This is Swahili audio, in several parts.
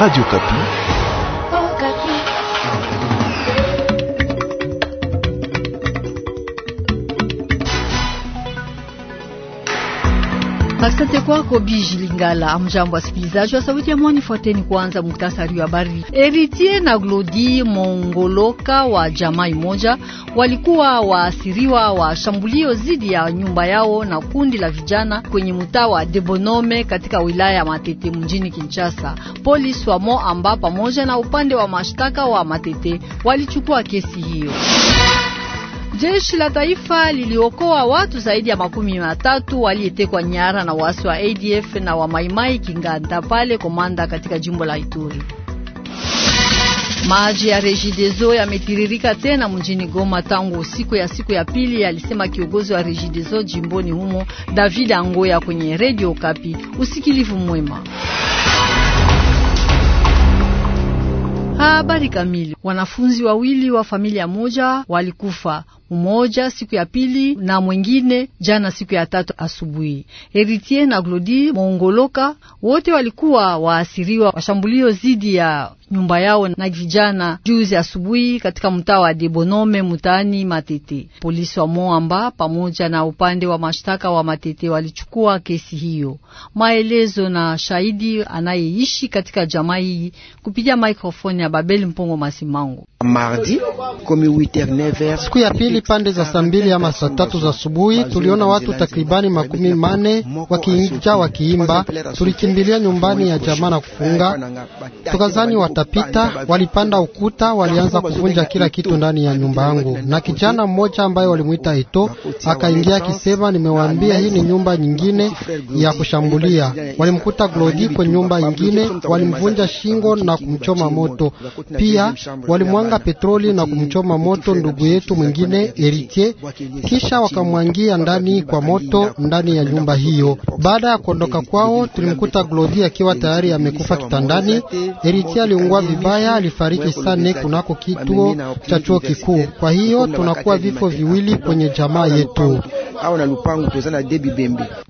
Radio Capi Asante kwako Biji Lingala. Amjambo wasikilizaji wa Sauti ya Mwani, fuateni kwanza muktasari wa habari. Eritie na Glodi Mongoloka wa jamai moja walikuwa waasiriwa wa shambulio dhidi ya nyumba yao na kundi la vijana kwenye mtaa wa Debonome katika wilaya ya Matete mjini Kinshasa. Polisi wa Moamba pamoja na upande wa mashtaka wa Matete walichukua kesi hiyo. Jeshi la taifa liliokoa watu zaidi ya makumi matatu waliyetekwa nyara na waasi wa ADF na wa Maimai Kinganda pale Komanda katika jimbo la Ituri. Maji ya Regideso yametiririka tena mjini Goma tangu siku ya siku ya pili, alisema kiongozi wa Regideso jimboni humo David Angoya kwenye Radio Kapi. Usikilivu mwema. Habari kamili. Wanafunzi wawili wa familia moja walikufa mmoja siku ya pili na mwingine jana siku ya tatu asubuhi. Heritier na Glodi Mongoloka wote walikuwa waasiriwa wa shambulio dhidi ya nyumba yao na vijana juzi asubuhi katika mtaa wa Debonome mutaani Matete. Polisi wa Moamba pamoja na upande wa mashtaka wa Matete walichukua kesi hiyo. Maelezo na shahidi anayeishi katika jamaa hii kupitia maikrofoni ya Babeli Mpongo Masimango. Mardi, siku ya pili pande za saa mbili ama saa tatu za asubuhi tuliona watu takribani makumi mane wakiinja wakiimba. Tulikimbilia nyumbani ya jamaa na kufunga, tukazani watapita. Walipanda ukuta, walianza kuvunja kila kitu ndani ya nyumba yangu, na kijana mmoja ambaye walimwita Ito akaingia akisema, nimewaambia hii ni nyumba nyingine ya kushambulia. Walimkuta Glodi kwenye nyumba nyingine, walimvunja shingo na kumchoma moto, pia walimwanga walimtanga petroli na kumchoma moto ndugu yetu mwingine Eritier, kisha wakamwangia ndani kwa moto ndani ya nyumba hiyo. Baada ya kuondoka kwao, tulimkuta Glodi akiwa tayari amekufa kitandani. Eritier aliungua vibaya, alifariki sane kunako kituo cha chuo kikuu. Kwa hiyo tunakuwa vifo viwili kwenye jamaa yetu.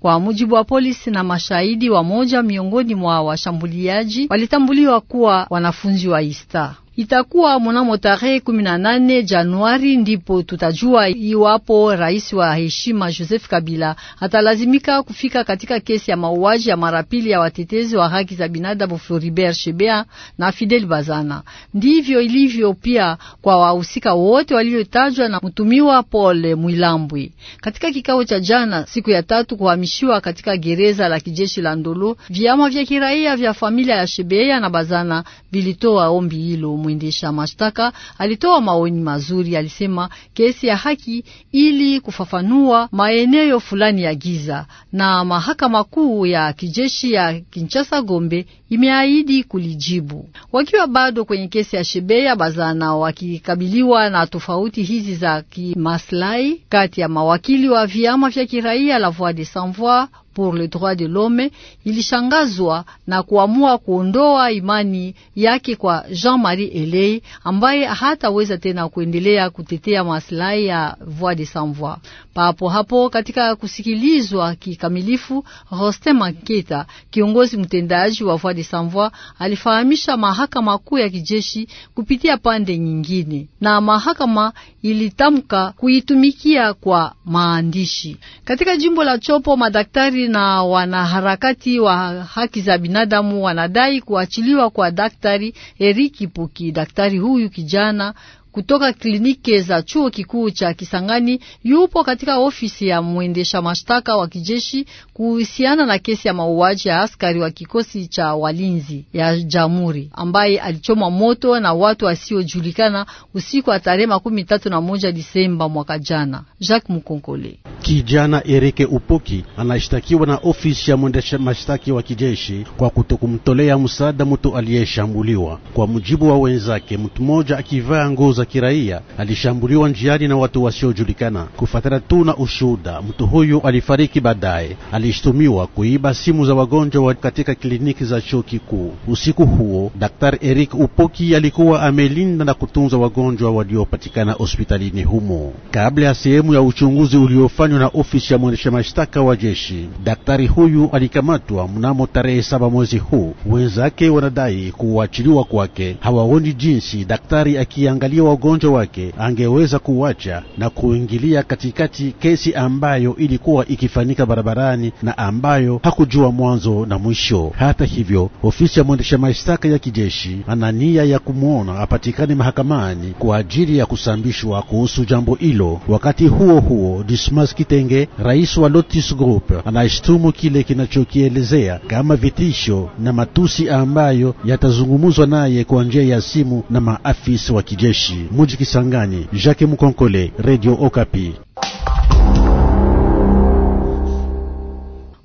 Kwa mujibu wa polisi na mashahidi, wamoja miongoni mwa washambuliaji walitambuliwa kuwa wanafunzi wa Ista. Itakuwa mnamo tarehe 18 Januari ndipo tutajua iwapo rais wa heshima Joseph Kabila atalazimika kufika katika kesi ya mauaji ya mara pili ya watetezi wa haki za binadamu Floribert shebea na Fidel Bazana. Ndivyo ilivyo pia kwa wahusika wote waliotajwa na mtumiwa Paul Mwilambwe katika kikao cha jana siku ya tatu kuhamishiwa katika gereza la kijeshi la Ndolo. Vyama vya kiraia vya familia ya shebea na Bazana vilitoa ombi hilo. Mwendesha mashtaka alitoa maoni mazuri, alisema kesi ya haki ili kufafanua maeneo fulani ya giza, na mahakama kuu ya kijeshi ya Kinshasa Gombe imeahidi kulijibu. Wakiwa bado kwenye kesi ya Shebeya Bazana, wakikabiliwa na tofauti hizi za kimaslahi kati ya mawakili wa vyama vya kiraia la Voix des Sans Voix pour le droit de l'homme ilishangazwa na kuamua kuondoa imani yake kwa Jean-Marie Elei ambaye hataweza tena kuendelea kutetea maslahi ya Voix des Sans Voix. Papo hapo katika kusikilizwa kikamilifu, Rosten Maketa, kiongozi mtendaji wa Voix des Sans Voix, alifahamisha mahakama kuu ya kijeshi kupitia pande nyingine, na mahakama ilitamka kuitumikia kwa maandishi. Katika jimbo la Chopo, madaktari na wanaharakati wa haki za binadamu wanadai kuachiliwa kwa Daktari Eriki Puki. Daktari huyu kijana kutoka kliniki za chuo kikuu cha Kisangani yupo katika ofisi ya mwendesha mashtaka wa kijeshi kuhusiana na kesi ya mauaji ya askari wa kikosi cha walinzi ya Jamhuri ambaye alichomwa moto na watu wasiojulikana usiku wa tarehe makumi tatu na moja Disemba mwaka jana. Jacques Mukonkole kijana Erike Upoki anashtakiwa na ofisi ya mwendesha mashtaki wa kijeshi kwa kutokumtolea msaada mtu aliyeshambuliwa. Kwa mujibu wa wenzake, mtu mmoja akivaa nguo za kiraia alishambuliwa njiani na watu wasiojulikana. Kufuatana tu na ushuhuda, mtu huyu alifariki baadaye. Alishtumiwa kuiba simu za wagonjwa wa katika kliniki za chuo kikuu. Usiku huo, Daktari Eric Upoki alikuwa amelinda na kutunza wagonjwa waliopatikana hospitalini humo kabla ya sehemu ya uchunguzi uliofanywa kufanywa na ofisi ya mwendesha mashtaka wa jeshi. Daktari huyu alikamatwa mnamo tarehe saba mwezi huu. Wenzake wanadai kuachiliwa kwake hawaoni jinsi daktari akiangalia wagonjwa wake angeweza kuwacha na kuingilia katikati kesi ambayo ilikuwa ikifanyika barabarani na ambayo hakujua mwanzo na mwisho. Hata hivyo, ofisi ya mwendesha mashtaka ya kijeshi ana nia ya kumwona apatikane mahakamani kwa ajili ya kusambishwa kuhusu jambo hilo. Wakati huo huo, Dismas Kitenge, rais wa Lotus Group, anashtumu kile kinachokielezea kama vitisho na matusi ambayo yatazungumuzwa naye kwa njia ya simu na maafisa wa kijeshi. Muji Kisangani, Jacques Mkonkole, Radio Okapi.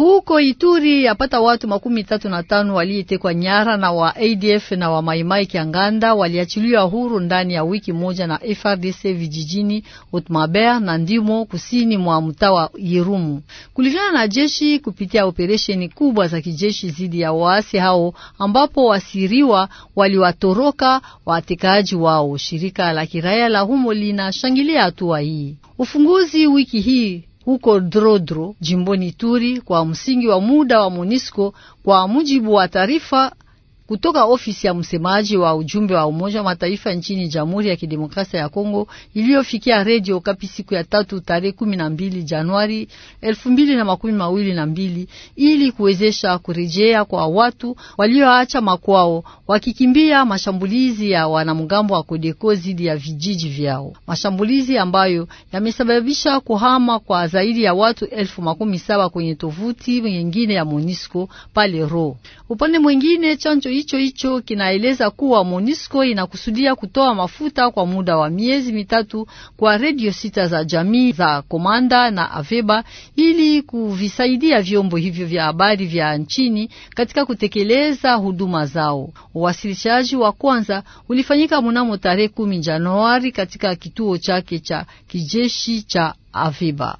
Huko Ituri yapata watu makumi tatu na tano waliyetekwa nyara na wa ADF na wa Maimai Kianganda waliachiliwa huru ndani ya wiki moja na FRDC vijijini Utmabea na Ndimo kusini mwa mtaa wa Irumu, kulingana na jeshi kupitia operesheni kubwa za kijeshi dhidi ya waasi hao, ambapo wasiriwa waliwatoroka watekaji wao. Shirika la kiraia la humo linashangilia hatua hii. Ufunguzi wiki hii huko Drodro jimboni Turi kwa msingi wa muda wa Monisco kwa mujibu wa taarifa kutoka ofisi ya msemaji wa ujumbe wa Umoja wa Mataifa nchini Jamhuri ya Kidemokrasia ya Kongo iliyofikia redio Kapi siku ya tatu tarehe mbili Januari mbili ili kuwezesha kurejea kwa watu walioacha makwao wakikimbia mashambulizi ya wanamgambo wa Kodeko dhidi ya vijiji vyao, mashambulizi ambayo yamesababisha kuhama kwa zaidi ya watu elfu makumi saba kwenye tovuti nyingine ya MONUSCO pale Ro. Upande mwingine chanjo hicho hicho kinaeleza kuwa MONUSCO inakusudia kutoa mafuta kwa muda wa miezi mitatu kwa redio sita za jamii za Komanda na Aveba ili kuvisaidia vyombo hivyo vya habari vya nchini katika kutekeleza huduma zao. Uwasilishaji wa kwanza ulifanyika mnamo tarehe kumi Januari katika kituo chake cha kijeshi cha Aveba.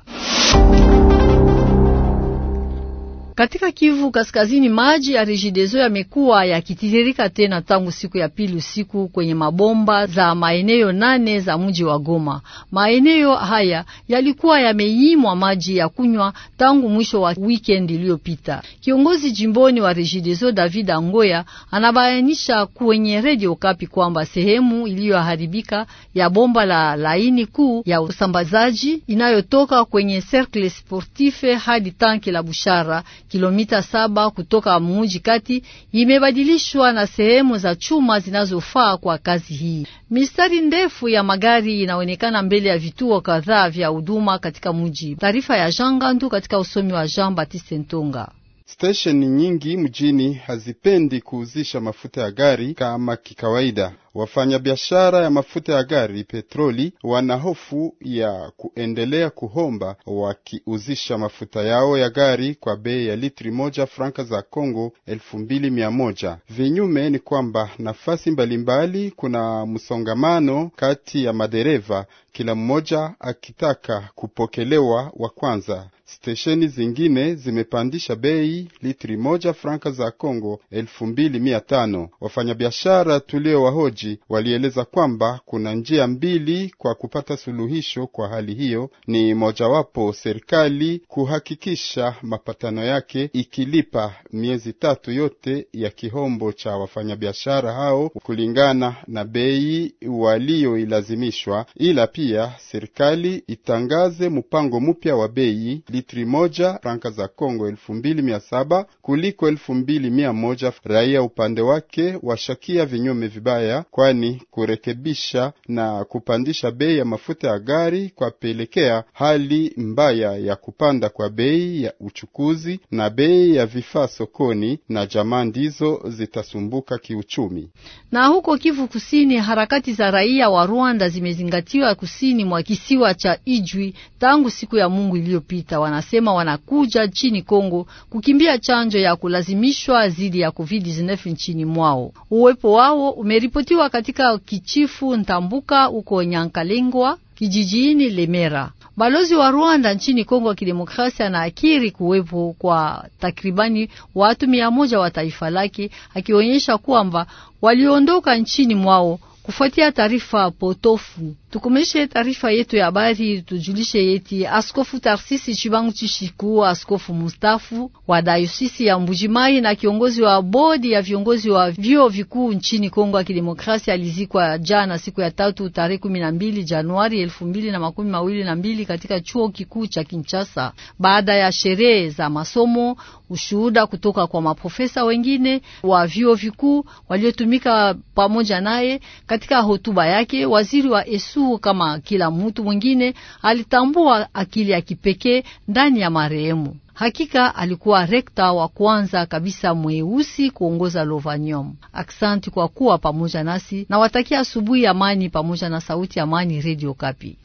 Katika Kivu Kaskazini, maji ya Regideso yamekuwa yakitiririka tena tangu siku ya pili usiku kwenye mabomba za maeneo nane za mji wa Goma. Maeneo haya yalikuwa yameyimwa maji ya kunywa tangu mwisho wa wikendi iliyopita. Kiongozi jimboni wa Regideso David Angoya anabainisha kwenye redio Kapi kwamba sehemu iliyoharibika ya bomba la laini kuu ya usambazaji inayotoka kwenye Cercle Sportif hadi tanki la Bushara kilomita saba kutoka muji kati imebadilishwa na sehemu za chuma zinazofaa kwa kazi hii. Mistari ndefu ya magari inaonekana mbele ya vituo kadhaa vya huduma katika muji. Taarifa ya Jean Gandu katika usomi wa Jean Baptiste Ntonga. Stesheni nyingi mjini hazipendi kuuzisha mafuta ya gari kama kikawaida. Wafanyabiashara ya mafuta ya gari petroli wana hofu ya kuendelea kuhomba wakiuzisha mafuta yao ya gari kwa bei ya litri moja franka za Kongo elfu mbili mia moja. Vinyume ni kwamba nafasi mbalimbali kuna msongamano kati ya madereva, kila mmoja akitaka kupokelewa wa kwanza. Stesheni zingine zimepandisha bei litri moja franka za Congo elfu mbili mia tano. Wafanyabiashara tuliowahoji mji walieleza kwamba kuna njia mbili kwa kupata suluhisho kwa hali hiyo. Ni mojawapo serikali kuhakikisha mapatano yake ikilipa miezi tatu yote ya kihombo cha wafanyabiashara hao kulingana na bei walioilazimishwa, ila pia serikali itangaze mpango mpya wa bei litri moja franka za Kongo elfu mbili mia saba kuliko elfu mbili mia moja. Raia upande wake washakia vinyume vibaya kwani kurekebisha na kupandisha bei ya mafuta ya gari kwapelekea hali mbaya ya kupanda kwa bei ya uchukuzi na bei ya vifaa sokoni, na jamaa ndizo zitasumbuka kiuchumi. Na huko Kivu Kusini, harakati za raia wa Rwanda zimezingatiwa kusini mwa kisiwa cha Ijwi tangu siku ya Mungu iliyopita. Wanasema wanakuja nchini Kongo kukimbia chanjo ya kulazimishwa dhidi ya COVID-19 nchini mwao. Uwepo wao umeripotiwa Alizaliwa katika kichifu Ntambuka huko Nyankalengwa kijijini Lemera. Balozi wa Rwanda nchini Kongo ya Kidemokrasia anaakiri kuwepo kwa takribani watu mia moja wa taifa lake, akionyesha kwamba waliondoka nchini mwao Kufuatia taarifa potofu, tukomeshe taarifa yetu ya habari, tujulishe yeti Askofu Tarsisi Chibangu Chishiku, askofu mustafu wa dayosisi ya Mbujimai na kiongozi wa bodi ya viongozi wa vyuo vikuu nchini Kongo ya Kidemokrasia, alizikwa jana siku ya tatu tarehe kumi na mbili Januari elfu mbili na makumi mawili na mbili katika chuo kikuu cha Kinshasa baada ya sherehe za masomo ushuhuda kutoka kwa maprofesa wengine wa vyuo vikuu waliotumika pamoja naye. Katika hotuba yake, waziri wa Esu, kama kila mtu mwingine, alitambua akili ya kipekee ndani ya marehemu. Hakika alikuwa rekta wa kwanza kabisa mweusi kuongoza Lovanium. Aksanti kwa kuwa pamoja nasi, na watakia asubuhi amani pamoja na sauti amani, Radio Kapi.